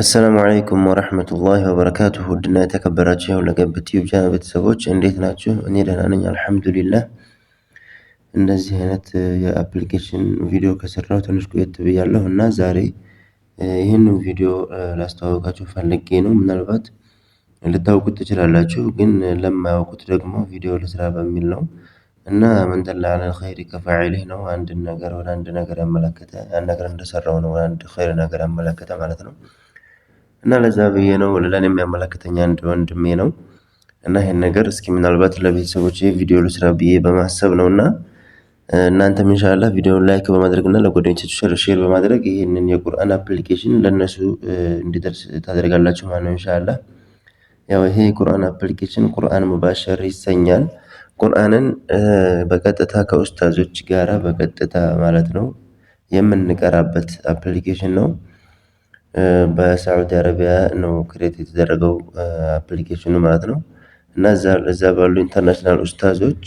አሰላሙ አለይኩም ወረህመቱላሂ ወበረካቱ ውድና የተከበራችሁ የሁለገብ ዩቲዩብ ቻናል ቤተሰቦች እንዴት ናችሁ? እኔ ደህና ነኝ አልሐምዱሊላህ። እንደዚህ አይነት የአፕሊኬሽን ቪዲዮ ከሰራው ትንሽ ቆየት ብያለሁ እና ዛሬ ይህን ቪዲዮ ላስተዋወቃችሁ ፈልጌ ነው። ምናልባት ልታውቁት ትችላላችሁ፣ ግን ለማያውቁት ደግሞ ቪዲዮ ልስራ በሚል ነው እና ምን ደለ ዐለል ኸይሪ ከፋዒሊህ ነው። አንድ ነገር ወደ አንድ ነገር ያመለከተ ነገር እንደሰራው ነው፣ አንድ ኸይር ነገር ያመለከተ ማለት ነው። እና ለዛ ብዬ ነው ለእኔ የሚያመለክተኝ አንድ ወንድሜ ነው እና ይህን ነገር እስኪ ምናልባት ለቤተሰቦች ቪዲዮ ልስራ ብዬ በማሰብ ነው እና እናንተም ኢንሻላ ቪዲዮ ላይክ በማድረግ እና ለጓደኞቻችሁ ሼር በማድረግ ይህንን የቁርአን አፕሊኬሽን ለእነሱ እንዲደርስ ታደርጋላችሁ ማለት ነው ኢንሻላ። ያው ይሄ የቁርአን አፕሊኬሽን ቁርአን ሙባሸር ይሰኛል። ቁርአንን በቀጥታ ከኡስታዞች ጋራ በቀጥታ ማለት ነው የምንቀራበት አፕሊኬሽን ነው። በሳዑዲ አረቢያ ነው ክሬት የተደረገው አፕሊኬሽኑ ማለት ነው። እና እዛ ባሉ ኢንተርናሽናል ኡስታዞች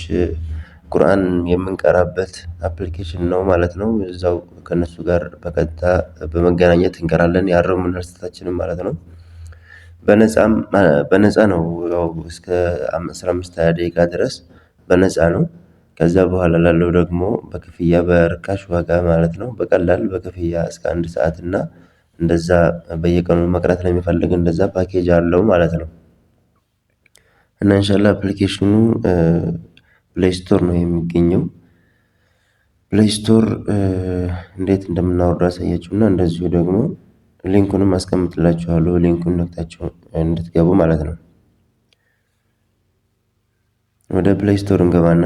ቁርአን የምንቀራበት አፕሊኬሽን ነው ማለት ነው። እዛው ከነሱ ጋር በቀጥታ በመገናኘት እንቀራለን ያረሙን ስህተታችንም ማለት ነው። በነፃ ነው ያው እስከ አስራ አምስት ሃያ ደቂቃ ድረስ በነፃ ነው። ከዛ በኋላ ላለው ደግሞ በክፍያ በርካሽ ዋጋ ማለት ነው። በቀላል በክፍያ እስከ አንድ ሰዓት እና እንደዛ በየቀኑ መቅረት ለሚፈልግ እንደዛ ፓኬጅ አለው ማለት ነው። እና እንሻላ አፕሊኬሽኑ ፕሌይ ስቶር ነው የሚገኘው። ፕሌይ ስቶር እንዴት እንደምናወርዱ እና እንደዚሁ ደግሞ ሊንኩንም አስቀምጥላችኋለሁ። ሊንኩን ነክታችሁ እንድትገቡ ማለት ነው። ወደ ፕሌይ ስቶር እንገባና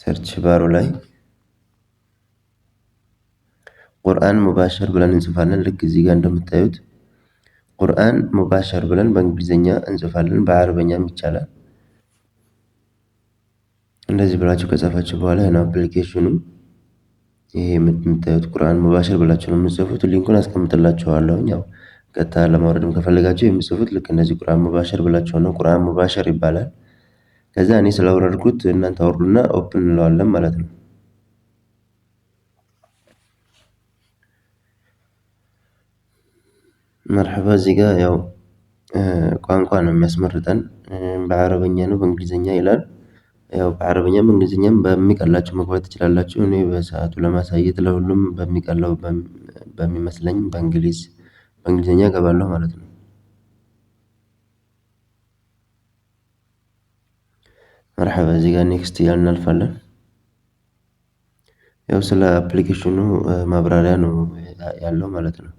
ሰርች ባሩ ላይ ቁርአን ሙባሸር ብለን እንጽፋለን። ልክ እዚህ ጋር እንደምታዩት ቁርአን ሙባሸር ብለን በእንግሊዝኛ እንጽፋለን። በአረበኛም ይቻላል። እንደዚህ ብላችሁ ከጻፋችሁ በኋላ ይህን አፕሊኬሽኑ ይሄ የምታዩት ቁርአን ሙባሸር ብላችሁ ነው የምጽፉት። ሊንኩን አስቀምጥላችኋለሁ። ያው ቀጥታ ለማውረድም ከፈለጋችሁ የምጽፉት ልክ እንደዚህ ቁርአን ሙባሸር ብላችሁ ነው። ቁርአን ሙባሸር ይባላል። ከዛ እኔ ስላወረድኩት እናንተ አውርዱና ኦፕን እንለዋለን ማለት ነው። መርሐባ እዚህ ጋር ያው ቋንቋ ነው የሚያስመርጠን። በአረበኛ ነው በእንግሊዝኛ ይላል። ያው በአረበኛም እንግሊዝኛም በሚቀላችሁ መግባት ትችላላችሁ። እኔ በሰዓቱ ለማሳየት ለሁሉም በሚቀለው በሚመስለኝ በእንግሊዝ በእንግሊዝኛ እገባለሁ ማለት ነው። መርሐባ እዚህ ጋር ኔክስት እያል እናልፋለን። ያው ስለ አፕሊኬሽኑ ማብራሪያ ነው ያለው ማለት ነው።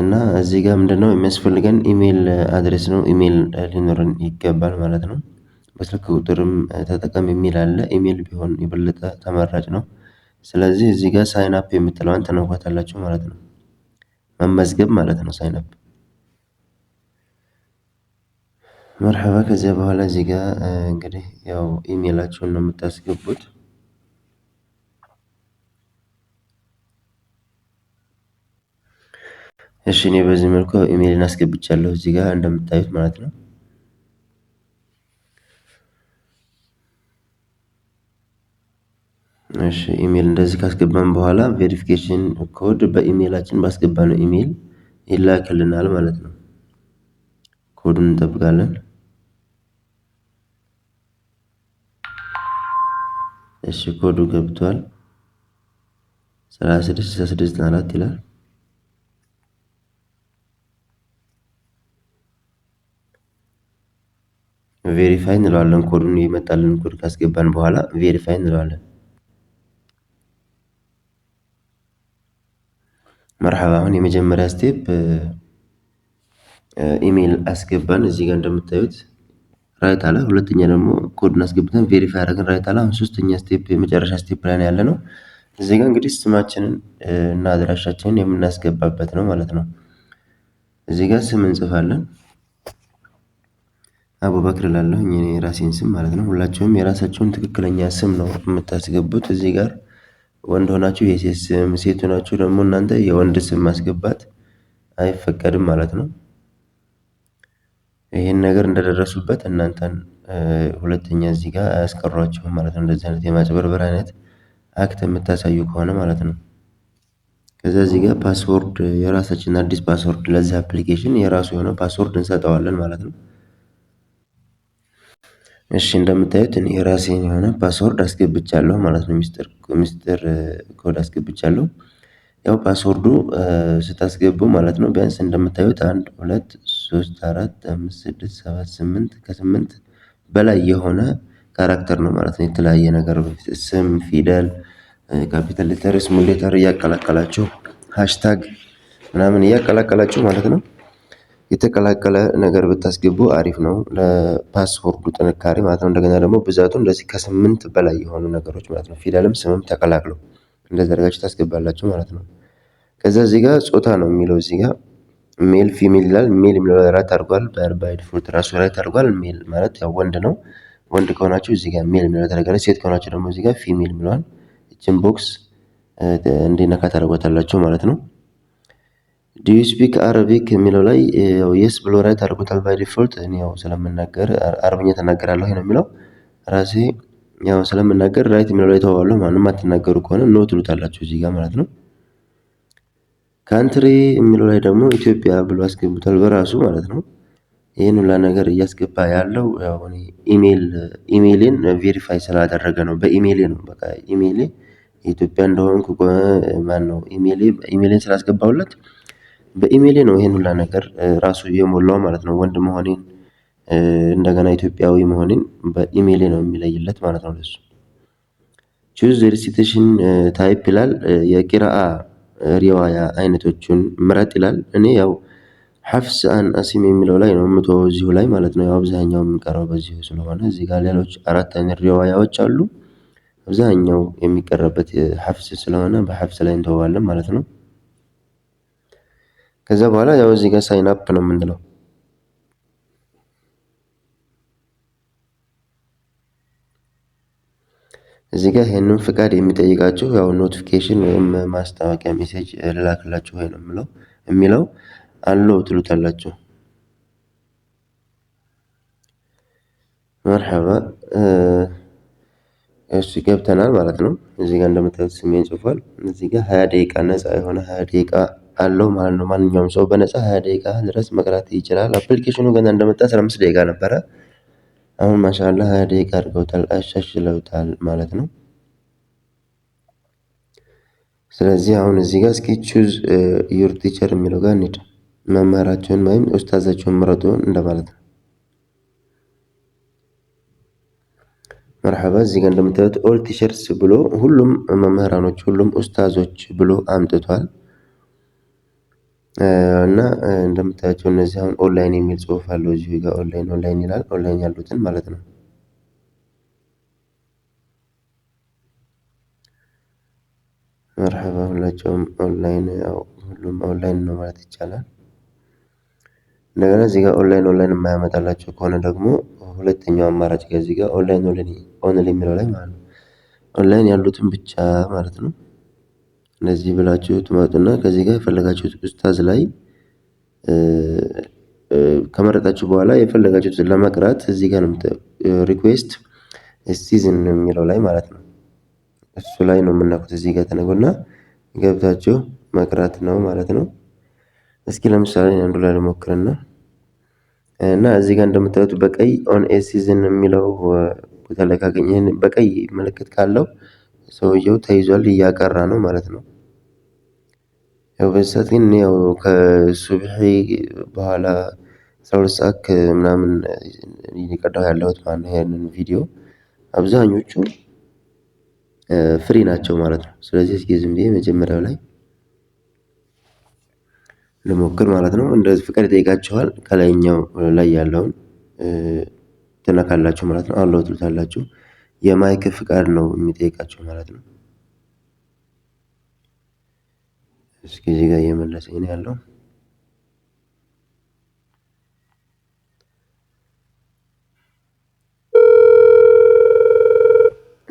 እና እዚህ ጋር ምንድነው የሚያስፈልገን ኢሜይል አድሬስ ነው። ኢሜይል ሊኖረን ይገባል ማለት ነው። በስልክ ቁጥርም ተጠቀም የሚል አለ። ኢሜይል ቢሆን የበለጠ ተመራጭ ነው። ስለዚህ እዚህ ጋር ሳይን አፕ የምትለዋን ትነኳታላችሁ ማለት ነው። መመዝገብ ማለት ነው ሳይን አፕ መርሐባ። ከዚያ በኋላ እዚህ ጋር እንግዲህ ያው ኢሜይላችሁን ነው የምታስገቡት። እሺ እኔ በዚህ መልኩ ኢሜልን አስገብቻለሁ እዚህ ጋር እንደምታዩት ማለት ነው። እሺ ኢሜል እንደዚህ ካስገባን በኋላ ቬሪፊኬሽን ኮድ በኢሜላችን ባስገባነው ኢሜል ይላክልናል ማለት ነው። ኮዱን እንጠብቃለን። እሺ ኮዱ ገብቷል። አራት ይላል። ቬሪፋይ እንለዋለን ኮዱን የመጣልን ኮድ ካስገባን በኋላ ቬሪፋይ እንለዋለን። መርሐባ አሁን የመጀመሪያ ስቴፕ ኢሜይል አስገባን እዚህ ጋር እንደምታዩት ራይት አለ። ሁለተኛ ደግሞ ኮድን አስገብተን ቬሪፋይ አረግን ራይት አለ። አሁን ሶስተኛ ስቴፕ የመጨረሻ ስቴፕ ላይ ያለ ነው። እዚህ ጋር እንግዲህ ስማችንን እና አድራሻችንን የምናስገባበት ነው ማለት ነው። እዚህ ጋር ስም እንጽፋለን። አቡበክር እላለሁኝ እኔ የራሴን ስም ማለት ነው። ሁላችሁም የራሳችሁን ትክክለኛ ስም ነው የምታስገቡት እዚህ ጋር ወንድ ሆናችሁ የሴት ስም፣ ሴት ሆናችሁ ደግሞ እናንተ የወንድ ስም ማስገባት አይፈቀድም ማለት ነው። ይህን ነገር እንደደረሱበት እናንተን ሁለተኛ እዚህ ጋር አያስቀሯችሁም ማለት ነው። እንደዚህ አይነት የማጭበርበር አይነት አክት የምታሳዩ ከሆነ ማለት ነው። ከዛ እዚህ ጋር ፓስወርድ የራሳችን አዲስ ፓስወርድ ለዚህ አፕሊኬሽን የራሱ የሆነ ፓስወርድ እንሰጠዋለን ማለት ነው። እሺ እንደምታዩት እኔ የራሴን የሆነ ፓስወርድ አስገብቻለሁ ማለት ነው። ሚስጥር ሚስጥር ኮድ አስገብቻለሁ። ያው ፓስወርዱ ስታስገቡ ማለት ነው ቢያንስ እንደምታዩት አንድ ሁለት ሶስት አራት አምስት ስድስት ሰባት ስምንት ከስምንት በላይ የሆነ ካራክተር ነው ማለት ነው። የተለያየ ነገር ስም፣ ፊደል፣ ካፒታል ሌተር፣ ስሞል ሌተር እያቀላቀላችሁ ሃሽታግ ምናምን እያቀላቀላችሁ ማለት ነው የተቀላቀለ ነገር ብታስገቡ አሪፍ ነው ለፓስወርዱ ጥንካሬ ማለት ነው። እንደገና ደግሞ ብዛቱ እንደዚህ ከስምንት በላይ የሆኑ ነገሮች ማለት ነው። ፊደልም ስምም ተቀላቅለው እንደዚህ አድርጋችሁ ታስገባላችሁ ማለት ነው። ከዛ እዚህ ጋር ጾታ ነው የሚለው እዚህ ጋር ሜል ፊሜል ይላል። ሜል የሚለው ላይ ታርጓል። በባይ ዲፎልት ራሱ ላይ ታርጓል። ሜል ማለት ያው ወንድ ነው። ወንድ ከሆናችሁ እዚህ ጋር ሜል የሚለው ተደረገለ። ሴት ከሆናችሁ ደግሞ እዚህ ጋር ፊሜል የሚለዋል። እችን ቦክስ እንዲነካ ታደርጓታላችሁ ማለት ነው። ዲዩ ስፒክ አረቢክ የሚለው ላይ የስ ብሎ ራይት አድርጎታል ባይ ዲፎልት። እኔ ያው ስለምናገር አረብኛ ተናገራለሁ ነው የሚለው ራሴ ያው ስለምናገር ራይት የሚለው ላይ ተዋዋለሁ። ማንም አትናገሩ ከሆነ ኖ ትሉታላችሁ እዚህ ጋር ማለት ነው። ካንትሪ የሚለው ላይ ደግሞ ኢትዮጵያ ብሎ አስገብቷል በራሱ ማለት ነው። ይህን ሁላ ነገር እያስገባ ያለው ኢሜሌን ቬሪፋይ ስላደረገ ነው። በኢሜሌ ነው በቃ ኢሜይሌ የኢትዮጵያ እንደሆንኩ ማን ነው ኢሜይሌን ስላስገባሁለት በኢሜይሌ ነው ይሄን ሁላ ነገር ራሱ የሞላው ማለት ነው። ወንድ መሆኔን እንደገና ኢትዮጵያዊ መሆኔን በኢሜይሌ ነው የሚለይለት ማለት ነው። ለሱ ቹዝ ሪሲቴሽን ታይፕ ይላል። የቂራአ ሪዋያ አይነቶቹን ምረጥ ይላል። እኔ ያው ሐፍስ አን አሲም የሚለው ላይ ነው ምቶ እዚሁ ላይ ማለት ነው። አብዛኛው የሚቀረው በዚሁ ስለሆነ እዚህ ጋር ሌሎች አራት አይነት ሪዋያዎች አሉ። አብዛኛው የሚቀረበት ሐፍስ ስለሆነ በሐፍስ ላይ እንተዋለን ማለት ነው። ከዛ በኋላ ያው እዚህ ጋር ሳይን አፕ ነው የምንለው። እዚህ ጋር ይህንን ፍቃድ የሚጠይቃችሁ ያው ኖቲፊኬሽን ወይም ማስታወቂያ ሜሴጅ ልላክላችሁ ወይ ነው የሚለው የሚለው አሎ ትሉታላችሁ። መርሐባ እሱ ገብተናል ማለት ነው። እዚህ ጋር እንደምታዩት ስሜን ጽፏል። እዚህ ጋር ሀያ ደቂቃ ነፃ የሆነ ሀያ ደቂቃ አለው ማለት ነው። ማንኛውም ሰው በነፃ ሀያ ደቂቃ ድረስ መቅራት ይችላል። አፕሊኬሽኑ ገና እንደመጣ አስራ አምስት ደቂቃ ነበረ። አሁን ማሻላ ሀያ ደቂቃ አድርገውታል፣ አሻሽለውታል ማለት ነው። ስለዚህ አሁን እዚህ ጋር እስኪ ቹዝ ዩር ቲቸር የሚለው ጋር እንሂድ። መምህራቸውን ወይም ኡስታዛቸውን ምረጡ እንደማለት ነው። መርሐባ እዚህ ጋር እንደምታዩት ኦል ቲሸርስ ብሎ ሁሉም መምህራኖች፣ ሁሉም ኡስታዞች ብሎ አምጥቷል። እና እንደምታያቸው እነዚህ አሁን ኦንላይን የሚል ጽሁፍ አለው እዚሁ ጋር ኦንላይን ኦንላይን ይላል። ኦንላይን ያሉትን ማለት ነው። መርሐባ ሁላቸውም ኦንላይን ያው ሁሉም ኦንላይን ነው ማለት ይቻላል። እንደገና እዚህ ጋር ኦንላይን ኦንላይን የማያመጣላቸው ከሆነ ደግሞ ሁለተኛው አማራጭ ከዚህ ጋር ኦንላይን ኦንላይን የሚለው ላይ ማለት ነው ኦንላይን ያሉትን ብቻ ማለት ነው። እነዚህ ብላችሁ ትመጡና ከዚህ ጋር የፈለጋችሁት ኡስታዝ ላይ ከመረጣችሁ በኋላ የፈለጋችሁት ለመቅራት እዚህ ጋር ሪኩዌስት ሲዝን የሚለው ላይ ማለት ነው። እሱ ላይ ነው የምናውቁት። እዚህ ጋር ተነጎና ገብታችሁ መቅራት ነው ማለት ነው። እስኪ ለምሳሌ አንዱ ላይ ልሞክርና እና እዚህ ጋር እንደምታዩት በቀይ ኦን ኤ ሲዝን የሚለው ቦታ ላይ ካገኘ በቀይ ምልክት ካለው ሰውየው ተይዟል እያቀራ ነው ማለት ነው። ያው በዚህ ግን ያው ከሱብሒ በኋላ አስራ ሁለት ሰዓት ከምናምን እየቀዳሁ ያለሁት ማነው ይሄንን ቪዲዮ አብዛኞቹ ፍሪ ናቸው ማለት ነው። ስለዚህ እስኪ ዝም ብዬ መጀመሪያው ላይ ልሞክር ማለት ነው። እንደ ፍቃድ ይጠይቃችኋል። ከላይኛው ላይ ያለውን ትነካላችሁ ማለት ነው። አለው ትሉታላችሁ። የማይክ ፍቃድ ነው የሚጠይቃችሁ ማለት ነው። እስኪ እዚህ ጋር እየመለሰኝ ነው ያለው።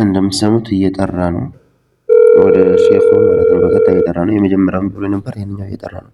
እንደምትሰሙት እየጠራ ነው ወደ ሼኹ ማለት ነው። በቀጣይ እየጠራ ነው። የመጀመሪያውን ብሎ ነበር፣ ይህንኛው እየጠራ ነው።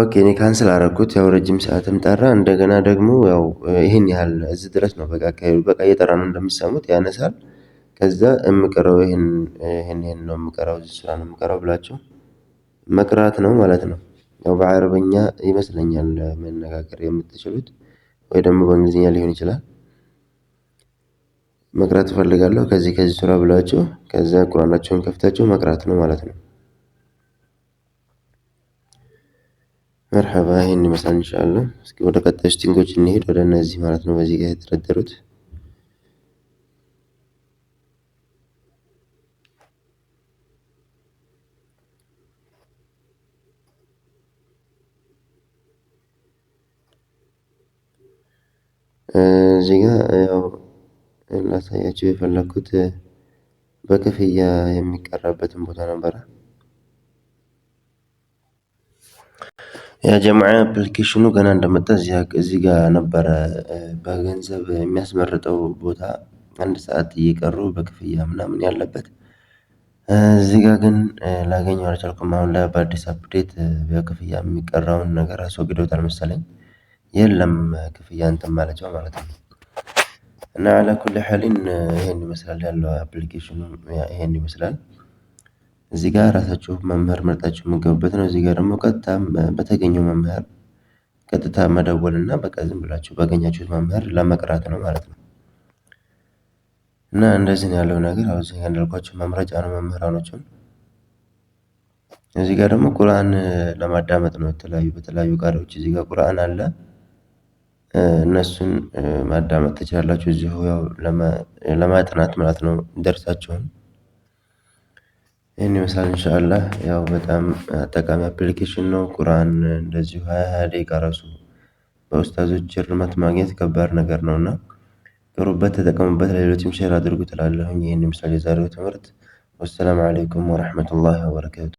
ኦኬ እኔ ካንስል አደረኩት ያው ረጅም ሰዓትም ጠራ እንደገና ደግሞ ያው ይሄን ያህል እዚህ ድረስ ነው። በቃ አካሄዱ በቃ እየጠራ ነው እንደምሰሙት ያነሳል። ከዛ የምቀረው ይሄን ይሄን ይሄን ነው የምቀረው እዚህ ስራ ነው የምቀረው ብላችሁ መቅራት ነው ማለት ነው። ያው በአረበኛ ይመስለኛል መነጋገር የምትችሉት ወይ ደግሞ በእንግሊዝኛ ሊሆን ይችላል። መቅራት እፈልጋለሁ ከዚህ ከዚህ ስራ ብላችሁ ከዛ ቁርአናችሁን ከፍታችሁ መቅራት ነው ማለት ነው። መርሐባ ይህን ይመስላል። እንችላለ። እስኪ ወደ ቀጣዩ ስቲንጎች እንሄድ። ወደ እነዚህ ማለት ነው በዚህ ጋር የተደረደሩት እዚህ ጋር ያው ላሳያቸው የፈለግኩት በክፍያ የሚቀራበትን ቦታ ነበረ። የጀማ አፕሊኬሽኑ ገና እንደመጣ እዚህ ጋር ነበረ በገንዘብ የሚያስመርጠው ቦታ አንድ ሰዓት እየቀሩ በክፍያ ምናምን ያለበት። እዚህ ጋር ግን ላገኘ አልቻልኩም። አሁን ላይ በአዲስ አፕዴት በክፍያ የሚቀራውን ነገር አስወግደውታል መሰለኝ። የለም ክፍያ እንትን ማለቻው ማለት ነው። እና አላኩል ሀሊን ይሄን ይመስላል ያለው አፕሊኬሽኑ ይሄን ይመስላል። እዚህ ጋር ራሳችሁ መምህር መርጣችሁ የሚገቡበት ነው። እዚህ ጋር ደግሞ ቀጥታ በተገኘው መምህር ቀጥታ መደወል እና በቃ ዝም ብላችሁ ባገኛችሁት መምህር ለመቅራት ነው ማለት ነው። እና እንደዚህ ነው ያለው ነገር። አሁ እዚህ መምረጫ ነው መምህራኖችን። እዚህ ጋር ደግሞ ቁርአን ለማዳመጥ ነው የተለያዩ በተለያዩ ቃሪዎች እዚህ ጋር ቁርአን አለ እነሱን ማዳመጥ ትችላላችሁ። እዚሁ ያው ለማጥናት ማለት ነው ደርሳቸውን ይህን ይመስላል ኢንሻአላህ ያው በጣም ጠቃሚ አፕሊኬሽን ነው። ቁርአን እንደዚሁ ሃያ ሃያ ደቂቃ ራሱ በኡስታዞች እርማት ማግኘት ከባድ ነገር ነው እና ጥሩበት፣ ተጠቀሙበት፣ ለሌሎችም ሼር አድርጉ ትላለሁኝ። ይህን ይመስላል የዛሬው ትምህርት። ወሰላሙ አለይኩም ወረሕመቱላሂ ወበረካቱ።